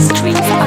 street.